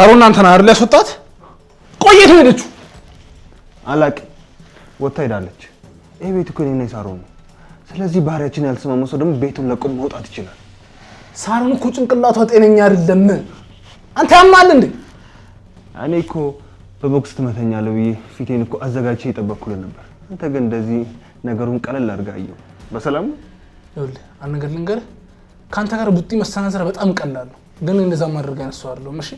ሳሮን አንተና አይደል ያስወጣት? ቆየት ሄደች አላቅ ወጥታ ሄዳለች። ይሄ ቤት እኮ እኔና ሳሮን ነው። ስለዚህ ባህሪያችን ያልተስማማ ሰው ደግሞ ቤቱን ለቆ መውጣት ይችላል። ሳሮን እኮ ጭንቅላቷ ጤነኛ አይደለም። አንተ ያማል እንዴ? እኔ እኮ በቦክስ ትመተኛለህ ብዬ ፊቴን እኮ አዘጋጅቼ የጠበኩልን ነበር። አንተ ግን እንደዚህ ነገሩን ቀለል አድርገህ በሰላም ይኸውልህ፣ አንድ ነገር ልንገርህ፣ ከአንተ ጋር ቡጢ መሰናዘር በጣም ቀላል ነው። ግን እንደዛ ማድረግ አይነሳዋለሁ። እሺ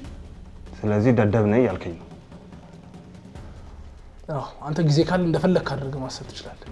ስለዚህ ደደብ ነህ እያልከኝ ነው። አንተ ጊዜ ካለ እንደፈለግ ካደረገ ማሰብ ትችላለህ።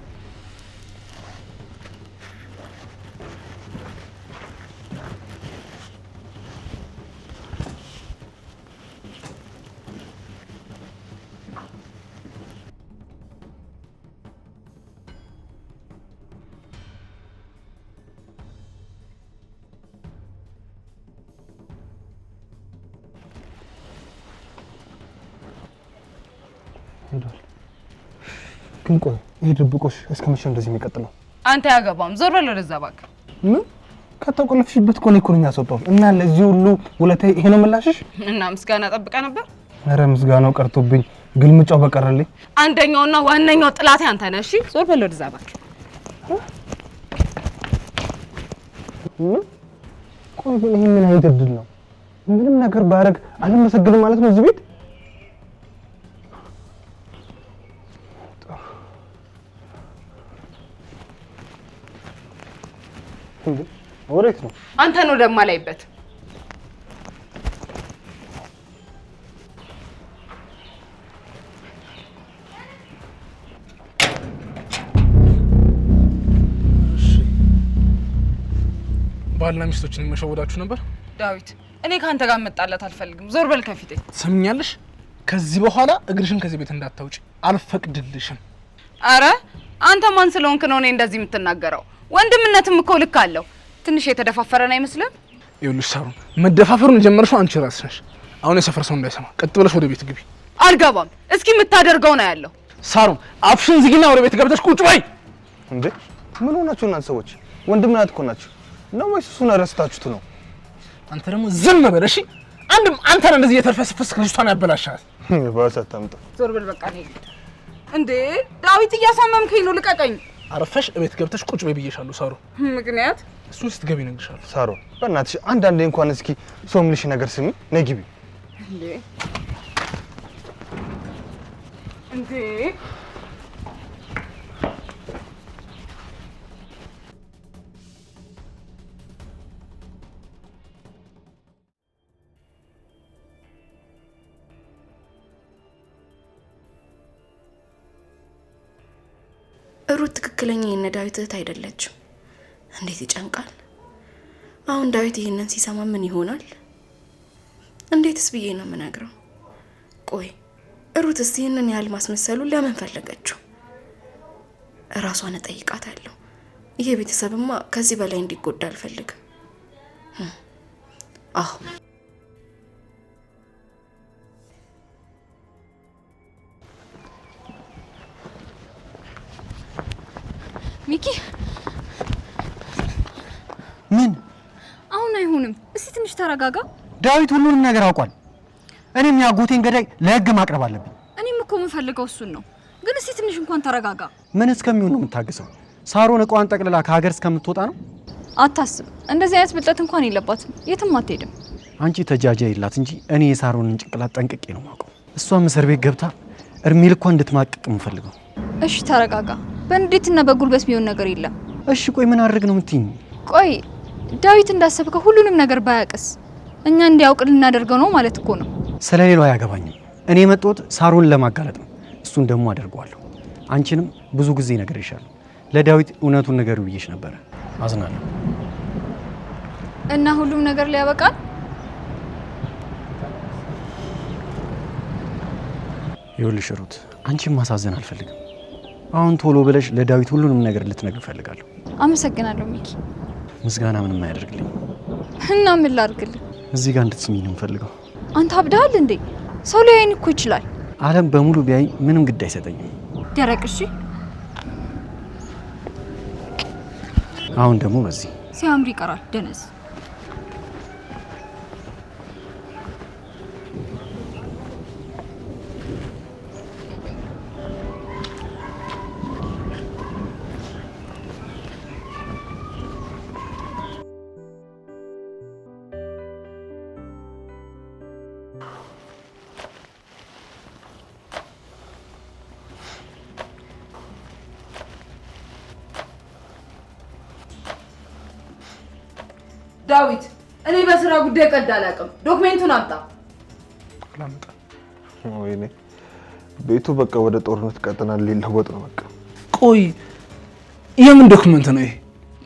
ግን ቆይ ይሄ ድብቆሽ እስከ መቼ እንደዚህ የሚቀጥለው? አንተ ያገባም ዞር በል ወደዛ እባክህ። ምን ከተቆለፍሽበት እኮ ነው እኮኛ እና ለዚህ ሁሉ ውለታ ይሄ ነው ምላሽሽ? እና ምስጋና ጠብቀ ነበር። ኧረ ምስጋናው ቀርቶብኝ ግልምጫው በቀረልኝ። አንደኛውና ዋነኛው ጥላት አንተ ነህ። እሺ ዞር በል ወደዛ እባክህ። ቆይ ግን ይሄ ምን አይደድል ነው? ምንም ነገር ባረግ አልመሰግንም ማለት ነው እዚህ ቤት ወዴት ነው? አንተ ነው ወደማላይበት ባልና ሚስቶችን መሸወዳችሁ ነበር። ዳዊት እኔ ከአንተ ጋር መጣላት አልፈልግም። ዞር በል ከፊቴ። ትሰምኛለሽ? ከዚህ በኋላ እግርሽን ከዚህ ቤት እንዳታውጭ አልፈቅድልሽም። አረ አንተ ማን ስለሆንክ ነው እኔ እንደዚህ የምትናገረው? ወንድምነትም እኮ ልክ አለው። ትንሽ የተደፋፈረን አይመስልም? ይኸውልሽ ሳሩን፣ መደፋፈሩን የጀመርሽው አንቺ ራስሽ ነሽ። አሁን የሰፈር ሰው እንዳይሰማ ቀጥ ብለሽ ወደ ቤት ግቢ። አልገባም። እስኪ የምታደርገው ነው ያለው። ሳሩን፣ አፍሽን ዝጊና ወደ ቤት ገብተሽ ቁጭ በይ። እንዴ ምን ሆናችሁ እናንተ ሰዎች? ወንድምና እኮ ናችሁ ነው ወይስ እሱን ረስታችሁት ነው? አንተ ደግሞ ዝም በል እሺ። አንድም አንተ ነህ እንደዚህ እየተልፈሰፈስክ ልጅቷን ያበላሻት። ባሰ ታምጣ። ዞር በል በቃ። እንዴ ዳዊት፣ እያሳመምከኝ ነው። ልቀቀኝ። አረፈሽ እቤት ገብተሽ ቁጭ በይ ብዬሻለሁ። ሳሮ ምክንያት እሱን ስትገቢ እነግርሻለሁ። ሳሮ በእናትሽ አንዳንዴ እንኳን እስኪ ሰው ምልሽ ነገር ስሚ። ነይ ግቢ እንዴ ሩት ትክክለኛ የነ ዳዊት እህት አይደለችም። እንዴት ይጨንቃል። አሁን ዳዊት ይህንን ሲሰማ ምን ይሆናል? እንዴትስ ብዬ ነው የምነግረው? ቆይ ሩትስ ይህንን ያህል ማስመሰሉ ለምን ፈለገችው? እራሷን እጠይቃታለሁ። ይሄ ቤተሰብማ ከዚህ በላይ እንዲጎዳ አልፈልግም። አሁ ሚኪ ምን አሁን አይሆንም። እስቲ ትንሽ ተረጋጋ። ዳዊት ሁሉንም ነገር አውቋል። እኔም የአጎቴን ገዳይ ለህግ ማቅረብ አለብኝ። እኔም እኮ የምፈልገው እሱን ነው። ግን እስቲ ትንሽ እንኳን ተረጋጋ። ምን እስከሚሆን ነው የምታግሰው? ሳሮን እቃዋን ጠቅልላ ከሀገር እስከምትወጣ ነው? አታስብ። እንደዚህ አይነት ብልጠት እንኳን የለባትም። የትም አትሄድም። አንቺ ተጃጃ ይላት እንጂ እኔ የሳሮንን ጭንቅላት ጠንቅቄ ነው የማውቀው። እሷም እስር ቤት ገብታ እድሜ ልኳ እንድትማቅቅ የምፈልገው። እሺ ተረጋጋ። በንዴትና በጉልበት የሚሆን ነገር የለም። እሺ ቆይ ምን አድርግ ነው የምትይኝ? ቆይ ዳዊት እንዳሰብከ ሁሉንም ነገር ባያቅስ እኛ እንዲያውቅ ልናደርገው ነው ማለት እኮ ነው። ስለ ሌላው አያገባኝም። እኔ መጦት ሳሮን ለማጋለጥ ነው። እሱን ደግሞ አደርገዋለሁ። አንቺንም ብዙ ጊዜ ነግሬሻለሁ። ለዳዊት እውነቱን ነገር ብዬሽ ነበረ። አዝናለሁ። እና ሁሉም ነገር ሊያበቃል። ይኸውልሽ ሩት፣ አንቺን ማሳዘን አልፈልግም አሁን ቶሎ ብለሽ ለዳዊት ሁሉንም ነገር ልትነግር እፈልጋለሁ። አመሰግናለሁ ሚኪ። ምስጋና ምንም አያደርግልኝ እና ምን ላድርግልኝ? እዚህ ጋር እንድትስሚኝ ነው የምፈልገው። አንተ አብደሃል እንዴ? ሰው ሊያይን እኮ ይችላል። ዓለም በሙሉ ቢያይ ምንም ግድ አይሰጠኝም። ደረቅ እሺ። አሁን ደግሞ በዚህ ሲያምር ይቀራል ደነዝ ጉዳይ ቀልድ አላውቅም። ዶክሜንቱን አምጣ። ወይኔ ቤቱ በቃ ወደ ጦርነት ቀጠና ሊለወጥ ነው። በቃ ቆይ፣ የምን ዶክመንት ነው ይሄ?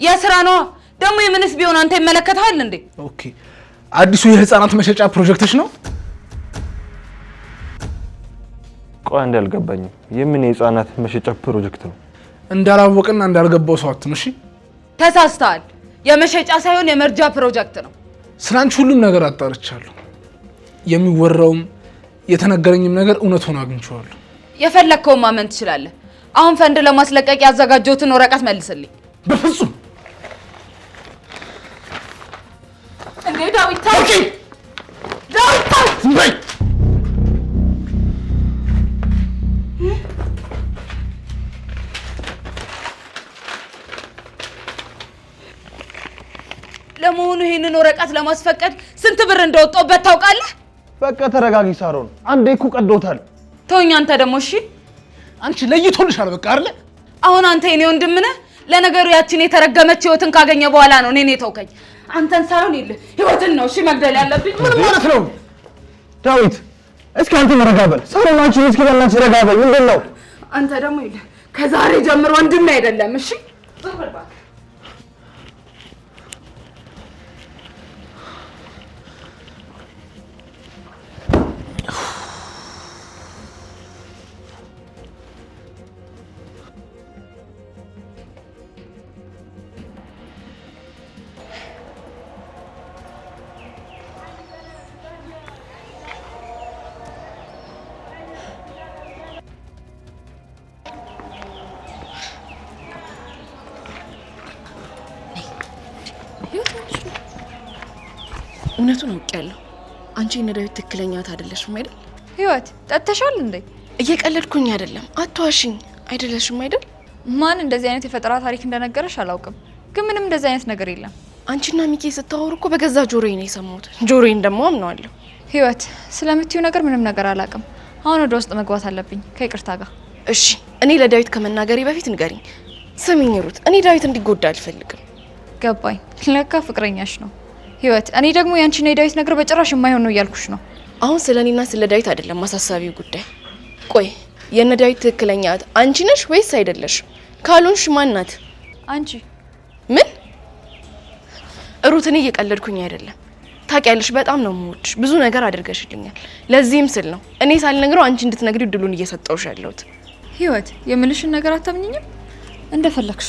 የስራ ነዋ። ደግሞ የምንስ ቢሆን አንተ ይመለከታል እንዴ? ኦኬ፣ አዲሱ የህፃናት መሸጫ ፕሮጀክቶች ነው። ቆይ አንድ የምን የህፃናት መሸጫ ፕሮጀክት ነው? እንዳላወቅና እንዳልገባው ሰው አትምሽ። ተሳስተሃል። የመሸጫ ሳይሆን የመርጃ ፕሮጀክት ነው። ስለ አንቺ ሁሉም ነገር አጣርቻለሁ። የሚወራውም የተነገረኝም ነገር እውነት ሆኖ አግኝቼዋለሁ። የፈለግከውን ማመን ትችላለህ። አሁን ፈንድ ለማስለቀቅ ያዘጋጀሁትን ወረቀት መልስልኝ። በፍጹም እንዴ ዳዊት ምርቃት ለማስፈቀድ ስንት ብር እንደወጣሁበት ታውቃለህ? በቃ ተረጋጊ ሳሮን፣ አንዴ እኮ ቀዶታል። ተወኝ አንተ ደግሞ እሺ። አንቺ ለይቶልሻል በቃ አይደለ? አሁን አንተ የኔ ወንድም ነህ። ለነገሩ ያችን የተረገመች ህይወትን ካገኘ በኋላ ነው እኔ የተውከኝ። አንተን ሳይሆን የለ ህይወትን ነው እሺ መግደል ያለብኝ። ምን ማለት ነው ዳዊት? እስኪ አንተ ረጋበል። ሳሮን አንቺ እስኪ ባላንቺ ረጋበል። ምንድን ነው አንተ ደግሞ? የለ ከዛሬ ጀምሮ ወንድም አይደለም እሺ እውነቱን አውቄያለሁ። አንቺ እነ ዳዊት ትክክለኛ እህት አይደለሽም አይደል? ህይወት ጠጥተሻል እንዴ? እየቀለድኩኝ አይደለም፣ አትዋሽኝ። አይደለሽም አይደል? ማን እንደዚህ አይነት የፈጠራ ታሪክ እንደነገረሽ አላውቅም፣ ግን ምንም እንደዚህ አይነት ነገር የለም። አንቺና ሚኪ ስታወሩ እኮ በገዛ ጆሮዬ ነው የሰማሁት። ጆሮዬን ደግሞ አምነዋለሁ። ህይወት ስለምትዩ ነገር ምንም ነገር አላውቅም። አሁን ወደ ውስጥ መግባት አለብኝ ከይቅርታ ጋር። እሺ፣ እኔ ለዳዊት ከመናገሬ በፊት ንገሪኝ። ስሚኝ ሩት፣ እኔ ዳዊት እንዲጎዳ አልፈልግም። ገባኝ። ለካ ፍቅረኛሽ ነው። ህይወት፣ እኔ ደግሞ ያንቺና የዳዊት ነገር በጭራሽ የማይሆን ነው እያልኩሽ ነው። አሁን ስለ እኔና ስለ ዳዊት አይደለም አሳሳቢው ጉዳይ። ቆይ የነ ዳዊት ትክክለኛ እህት አንቺ ነሽ ወይስ አይደለሽ? ካልሆንሽ ማን ናት? አንቺ ምን ሩት፣ እኔ እየቀለድኩኝ አይደለም። ታውቂያለሽ፣ በጣም ነው የምወድሽ። ብዙ ነገር አድርገሽልኛል። ለዚህም ስል ነው እኔ ሳልነግረው አንቺ እንድትነግሪው ድሉን እየሰጠውሽ ያለሁት። ህይወት፣ የምልሽን ነገር አታምኝኝም? እንደፈለግሽ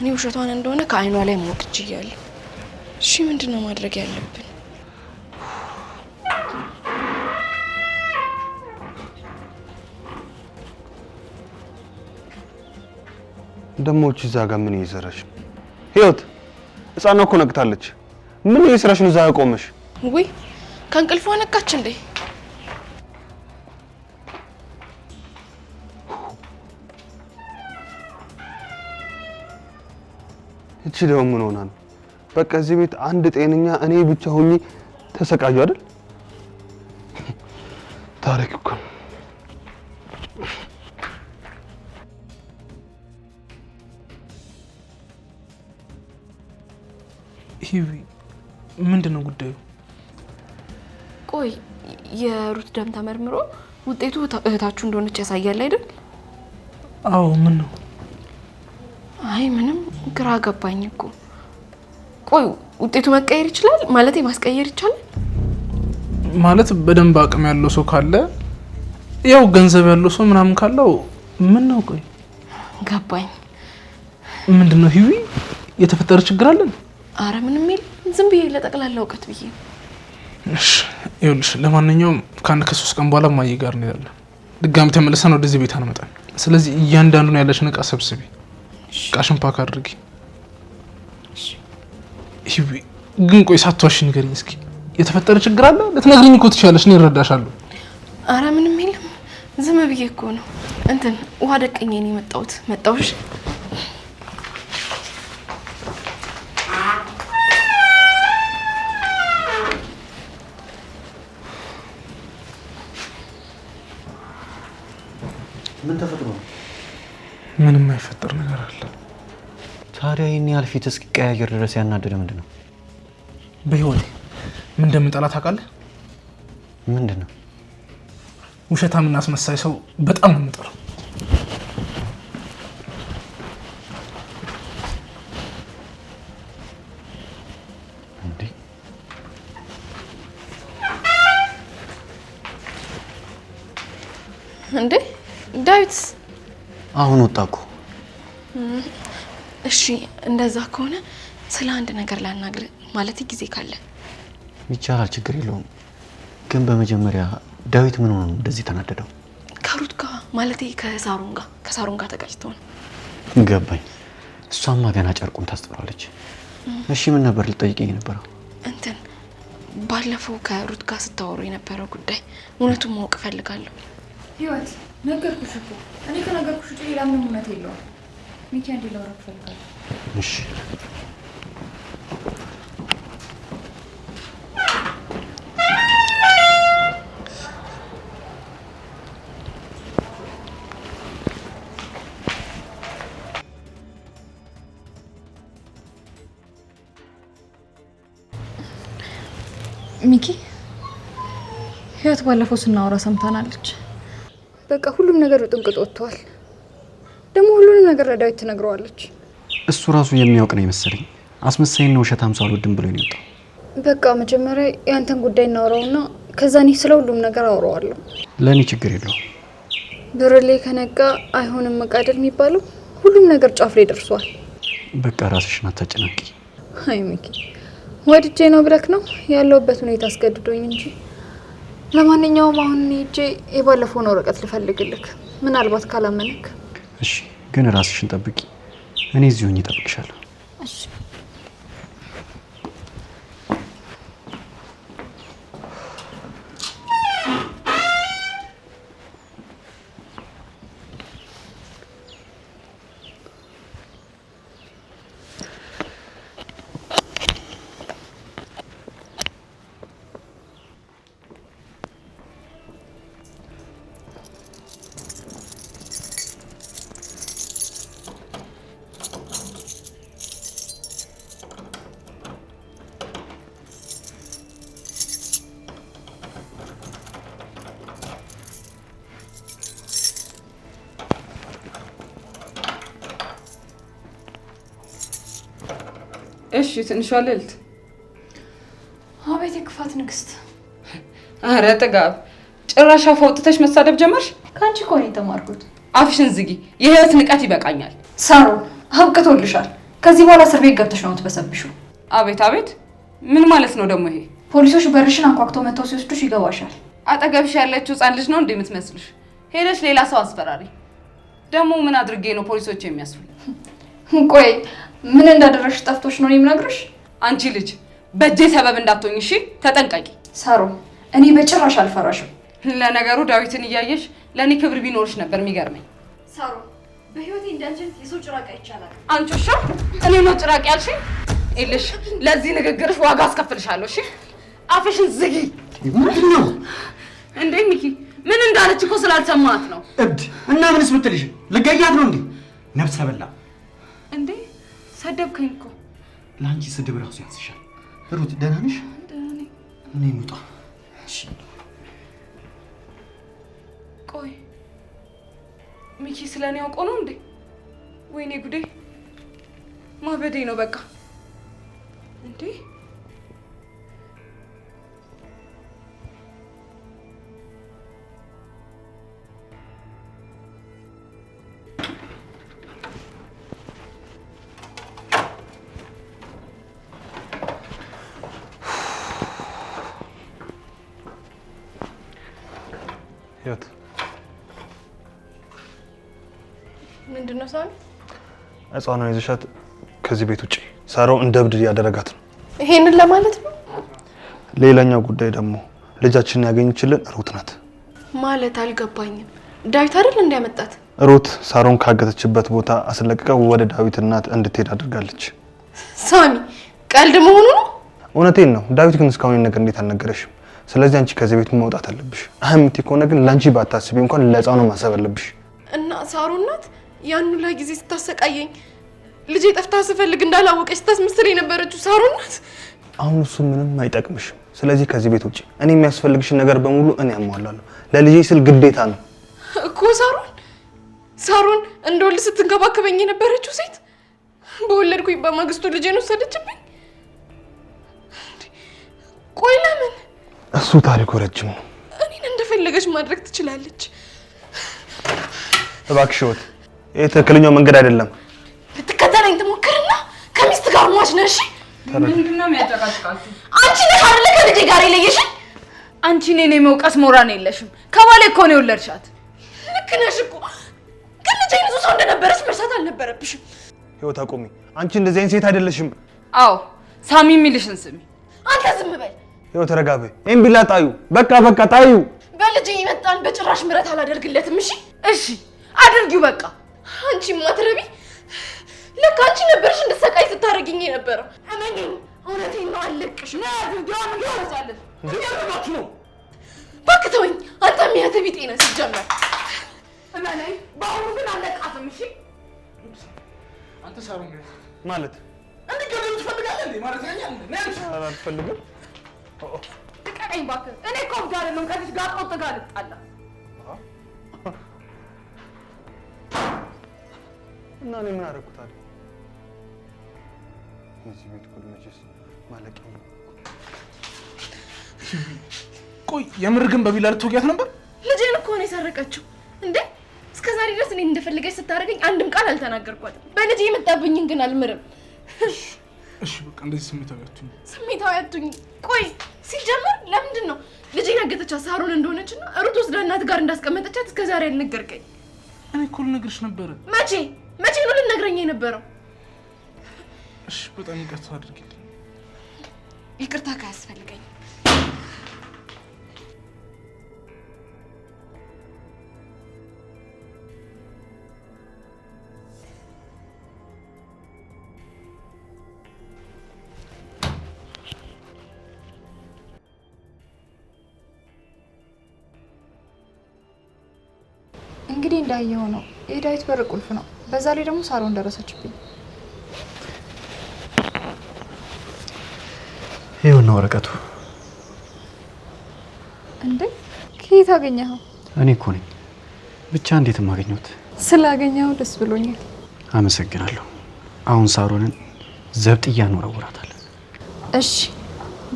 እኔ ውሸቷን እንደሆነ ከአይኗ ላይ ማወቅ ችያለሁ። እሺ ምንድን ነው ማድረግ ያለብን? ደሞች እዛ ጋር ምን እየሰራሽ ህይወት? ህፃኗ እኮ ነቅታለች። ምን እየሰራሽ ነው እዛ ቆመሽ? ውይ ከእንቅልፏ ነቃች እንዴ? እቺ ደግሞ ምን ሆና ነው? በቃ እዚህ ቤት አንድ ጤነኛ እኔ ብቻ ሆኜ ተሰቃዩ አይደል? ታሪክ እኮ ሂዊ፣ ምንድን ነው ጉዳዩ? ቆይ የሩት ደም ተመርምሮ ውጤቱ እህታችሁ እንደሆነች ያሳያል አይደል? አዎ። ምን ነው? አይ ምንም ግራ ገባኝ እኮ። ቆይ ውጤቱ መቀየር ይችላል ማለት ማስቀየር ይቻላል ማለት በደንብ አቅም ያለው ሰው ካለ ያው ገንዘብ ያለው ሰው ምናምን ካለው ምን ነው? ቆይ ገባኝ። ምንድን ነው የተፈጠረ ችግር አለን? አረ ምንም የለም፣ ዝም ብዬ ለጠቅላላ እውቀት ብዬ እሺ። ይኸውልሽ፣ ለማንኛውም ከአንድ ከሶስት ቀን በኋላ ማየ ጋር እንሄዳለን። ድጋሚ ተመልሰን ወደዚህ ቤት አንመጣም። ስለዚህ እያንዳንዱን ያለችን እቃ ሰብስቤ ቃሽን ፓክ አድርጊ። ግን ቆይ ሳትዋሽ ንገሪኝ እስኪ የተፈጠረ ችግር አለ? ልትነግሪኝ እኮ ትችያለሽ፣ እኔ እረዳሻለሁ። አረ ምንም የለም፣ ዝም ብዬ እኮ ነው። እንትን ውሃ ደቀኝ ነው የመጣሁት። መጣሁሽ ምን ተፈጥሮ ነው? ምንም አይፈጠር ነገር አለ። ታዲያ ይህን ያህል ፊት እስኪቀያየር ድረስ ያናደደ ምንድን ነው? በህይወቴ ምን እንደምንጠላ ታውቃለህ? ምንድን ነው? ውሸታምና አስመሳይ ሰው በጣም ነው የምጠላው። አሁን ወጣ እኮ። እሺ እንደዛ ከሆነ ስለ አንድ ነገር ላናግር ማለት ጊዜ ካለ ይቻላል፣ ችግር የለውም። ግን በመጀመሪያ ዳዊት ምን ሆኖ እንደዚህ ተናደደው? ከሩት ጋር ማለት ከሳሩን ጋር ከሳሩን ጋር ተጋጭተው ነው። ገባኝ። እሷማ ገና ጨርቁን ታስጥሏለች። እሺ ምን ነበር ልጠይቀኝ የነበረው? እንትን ባለፈው ከሩት ጋር ስታወሩ የነበረው ጉዳይ እውነቱን ማወቅ እፈልጋለሁ ህይወት ነገርኩሽ እኮ እኔ ከነገርኩሽ ውጪ ሌላ ምንም እውነት የለውም። ሚኪ አንዴ ላውራክ ፈልጋለሁ። እሺ ሚኪ ህይወት ባለፈው ስናወራ ሰምታናለች። በቃ ሁሉም ነገር ውጥንቅጥ ወጥቷል። ደግሞ ሁሉንም ነገር ለዳዊት ትነግረዋለች። እሱ ራሱ የሚያውቅ ነው የመሰለኝ። አስመሳይና ውሸታም ሰው አልወድም ብሎ ነው የወጣው። በቃ መጀመሪያ ያንተን ጉዳይ እናውራውና ከዛ እኔ ስለ ሁሉም ነገር አውረዋለሁ። ለእኔ ችግር የለውም። ብርሌ ከነቃ አይሆንም መቃደል የሚባለው ሁሉም ነገር ጫፍ ላይ ደርሷል። በቃ ራስሽን አታጨናቂ። አይ ሚኪ፣ ወድጄ ነው ብለክ ነው ያለውበት ሁኔታ አስገድዶኝ እንጂ ለማንኛውም አሁን ሄጄ የባለፈውን ወረቀት ልፈልግልክ፣ ምናልባት ካላመንክ። እሺ፣ ግን ራስሽን ጠብቂ፣ እኔ እዚሁ እጠብቅሻለሁ። እሺ። ትንሿ ልዕልት። አቤት የክፋት ንግስት! አረ ጥጋብ! ጭራሽ አፍ አውጥተሽ መሳደብ ጀመርሽ። ከአንቺ እኮ ነው የተማርኩት። አፍሽን ዝጊ። የህይወት ንቀት ይበቃኛል። ሳሮ አብቅቶልሻል። ከዚህ በኋላ እስር ቤት ገብተሽ ነው የምትበሰብሽው። አቤት አቤት! ምን ማለት ነው ደግሞ ይሄ? ፖሊሶች በርሽን አንኳኩተው መጥተው ሲወስዱሽ ይገባሻል። አጠገብሽ ያለችው ህፃን ልጅ ነው እንዴ የምትመስልሽ? ሄደሽ ሌላ ሰው አስፈራሪ። ደግሞ ምን አድርጌ ነው ፖሊሶች የሚያስፈል ቆይ ምን እንዳደረግሽ ጠፍቶሽ ነው የምነግርሽ? አንቺ ልጅ በእጄ ሰበብ እንዳትሆኝ እሺ፣ ተጠንቀቂ። ሳሮ እኔ በጭራሽ አልፈራሽም። ለነገሩ ዳዊትን እያየሽ ለእኔ ክብር ቢኖርሽ ነበር የሚገርመኝ። ሳሮ በህይወቴ እንዳንጀት የሰው ጭራቅ ይቻላል። አንቺ ሻ እኔ ነው ጭራቅ ያልሽ? ይኸውልሽ ለዚህ ንግግርሽ ዋጋ አስከፍልሻለሁ። እሺ አፍሽን ዝጊ። ምንድነው እንዴ ሚኪ? ምን እንዳለች እኮ ስላልሰማት ነው። እብድ እና ምንስ ብትልሽ ልገያት ነው እንዴ? ነብሰ በላ ሰደብከኝ እኮ። ለአንቺ ስድብ ራሱ ያንስሻል። ሩት ደህና ነሽ? እኔ የምወጣ ቆይ፣ ሚኪ ስለ እኔ አውቆ ነው እንዴ? ወይኔ ጉዴ! ማበዴ ነው በቃ እንዴ ይለብሳሉ። ህፃኗን ይዘሻት ከዚህ ቤት ውጪ ሳራው እንደ እብድ ያደረጋት ነው። ይሄንን ለማለት ነው። ሌላኛው ጉዳይ ደግሞ ልጃችንን ያገኘችልን ሩት ናት። ማለት አልገባኝም። ዳዊት አይደል እንዲያመጣት? ሩት ሳሮን ካገተችበት ቦታ አስለቅቀ ወደ ዳዊት እናት እንድትሄድ አድርጋለች። ሳሚ ቀልድ መሆኑ ነው? እውነቴን ነው። ዳዊት ግን እስካሁን ነገር እንዴት አልነገረሽም? ስለዚህ አንቺ ከዚህ ቤት መውጣት አለብሽ። አህምቲ ከሆነ ግን ለአንቺ ባታስቢ እንኳን ለህፃኑ ማሰብ አለብሽ። እና ሳሮን ናት ያን ሁላ ጊዜ ስታሰቃየኝ ልጄ ጠፍታ ስፈልግ እንዳላወቀች ስታስመስል የነበረችው ሳሮን ናት። አሁን እሱ ምንም አይጠቅምሽም። ስለዚህ ከዚህ ቤት ውጭ እኔ የሚያስፈልግሽን ነገር በሙሉ እኔ ያሟላለሁ። ለልጄ ስል ግዴታ ነው እኮ ሳሩን ሳሩን እንደወልድ ስትንከባከበኝ የነበረችው ሴት በወለድኩኝ በማግስቱ ልጄን ወሰደችብኝ። ቆይ ለምን? እሱ ታሪኩ ረጅም ነው። እኔን እንደፈለገች ማድረግ ትችላለች። እባክሽ ይሄ ትክክለኛው መንገድ አይደለም። ልትከተለኝ ትሞክርና ከሚስት ጋር ሟች ነሽ። ምንድነው የሚያጨቃጭቃችሁ? አንቺ ነሽ አይደለ ከልጄ ጋር የለየሽኝ። አንቺ እኔን የመውቀስ ሞራን የለሽም። ከባሌ እኮ ነው የወለድሻት። ልክ ነሽ እኮ ግን ልጄ ብዙ ሰው እንደነበረች መርሳት አልነበረብሽም። ህይወት አቁሚ። አንቺ እንደዚህ አይነት ሴት አይደለሽም። አዎ ሳሚ የሚልሽን ስሚ። አንተ ዝም በል። ህይወት ረጋቤ። ይሄን ቢላ ጣዩ። በቃ በቃ ጣዩ። በልጄ ይመጣል። በጭራሽ ምረት አላደርግለትም። እሺ እሺ አድርጊው በቃ አንቺ ማትረቢ ለካ አንቺ ነበርሽ እንድሰቃይ ስታደርጊኝ የነበረው። እመኝ፣ እውነቴን ነው። አለቅሽ ነው። እባክህ ተወኝ። አንተ ቢጤ ጤና ሲጀመር እመነኝ። በአሁኑ ግን አለቃትም። እሺ አንተ ሳሩ ማለት እንድገደሉ ትፈልጋለህ ማለት አልፈልግም። እኔ እኮ ጋር ነው ከዚህ ጋር ቆጥ ጋር ልጣላ እና እኔ ምን አደረግኩታል? የዚህ ቤት ጉድ መቼስ ማለቅ። ቆይ የምር ግን በቢላ ልትወጊያት ነበር? ልጄን እኮ ነው የሰረቀችው እንዴ! እስከ ዛሬ ድረስ እኔ እንደፈለገች ስታደርገኝ አንድም ቃል አልተናገርኳትም። በልጄ የመጣብኝን ግን አልምርም። እሺ በቃ እንደዚህ ስሜታዊ አትሁኝ፣ ስሜታዊ አትሁኝ። ቆይ ሲጀመር ለምንድን ነው ልጄን ያገተቻት ሳሮን እንደሆነች እና ሩት ወስዳ እናት ጋር እንዳስቀመጠቻት እስከ ዛሬ አልነገርከኝ? እኔ እኮ ልነግርሽ ነበረ። መቼ መቼ ነው ልትነግረኝ የነበረው? እሺ በጣም ይቅርታ አድርግልኝ። ይቅርታ ካያስፈልገኝ እንግዲህ እንዳየው ነው የዳዊት በር ቁልፍ ነው። በዛ ላይ ደግሞ ሳሮን ደረሰችብኝ። ይኸው ነው ወረቀቱ። እንዴ ከየት አገኘኸው? እኔ እኮ ነኝ። ብቻ እንዴት ማገኘሁት? ስላገኘኸው ደስ ብሎኛል። አመሰግናለሁ። አሁን ሳሮንን ዘብጥ እንወረውራታለን። እሺ፣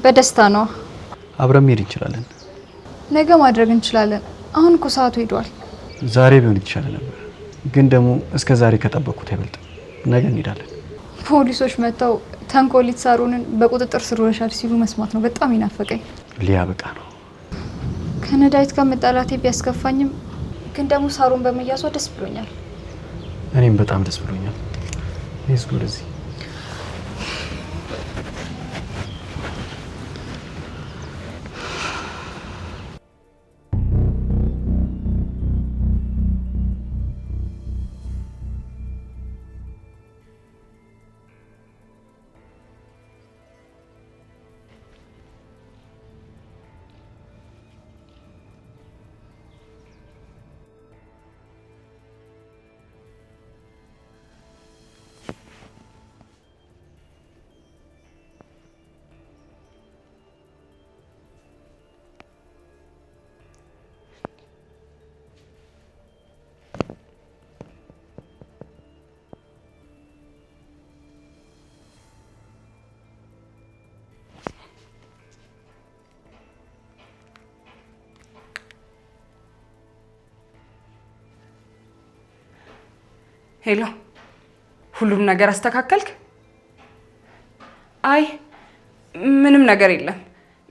በደስታ ነዋ። አብረን መሄድ እንችላለን። ነገ ማድረግ እንችላለን። አሁን እኮ ሰዓቱ ሄዷል። ዛሬ ቢሆን ይቻለ ነበር። ግን ደግሞ እስከ ዛሬ ከጠበቅኩት አይበልጥም። ነገ እንሄዳለን። ፖሊሶች መጥተው ተንኮሊት ሳሩንን በቁጥጥር ስር ውለሻል ሲሉ መስማት ነው በጣም ይናፈቀኝ። በቃ ነው። ከነዳይት ጋር መጣላቴ ቢያስከፋኝም ግን ደግሞ ሳሩን በመያዟ ደስ ብሎኛል። እኔም በጣም ደስ ብሎኛል። ይህ ሄሎ፣ ሁሉም ነገር አስተካከልክ? አይ ምንም ነገር የለም፣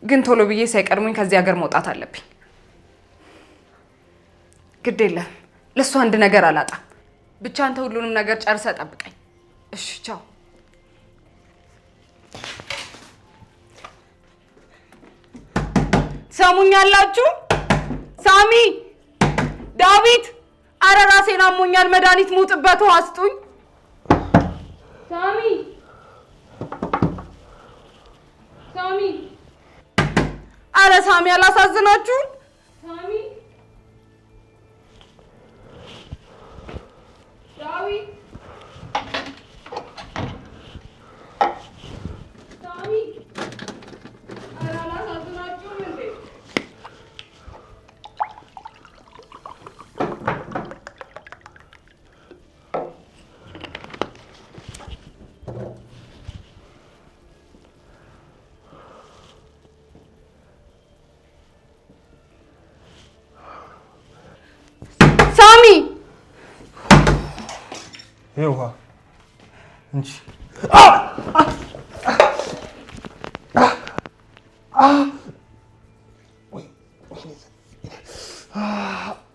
ግን ቶሎ ብዬ ሳይቀድሙኝ ከዚህ ሀገር መውጣት አለብኝ። ግድ የለም፣ ለእሱ አንድ ነገር አላጣም። ብቻ አንተ ሁሉንም ነገር ጨርሰ ጠብቀኝ። እሺ፣ ቻው። ሰሙኛላችሁ? ሳሚ፣ ዳዊት አረ ራሴን አሞኛል፣ መድኃኒት ሙጥበት ውሃ ስጡኝ። ሳሚ ሳሚ፣ አረ ሳሚ አላሳዝናችሁም? ሳሚ 배워가. 그지 아! 아! 아! 아! 아!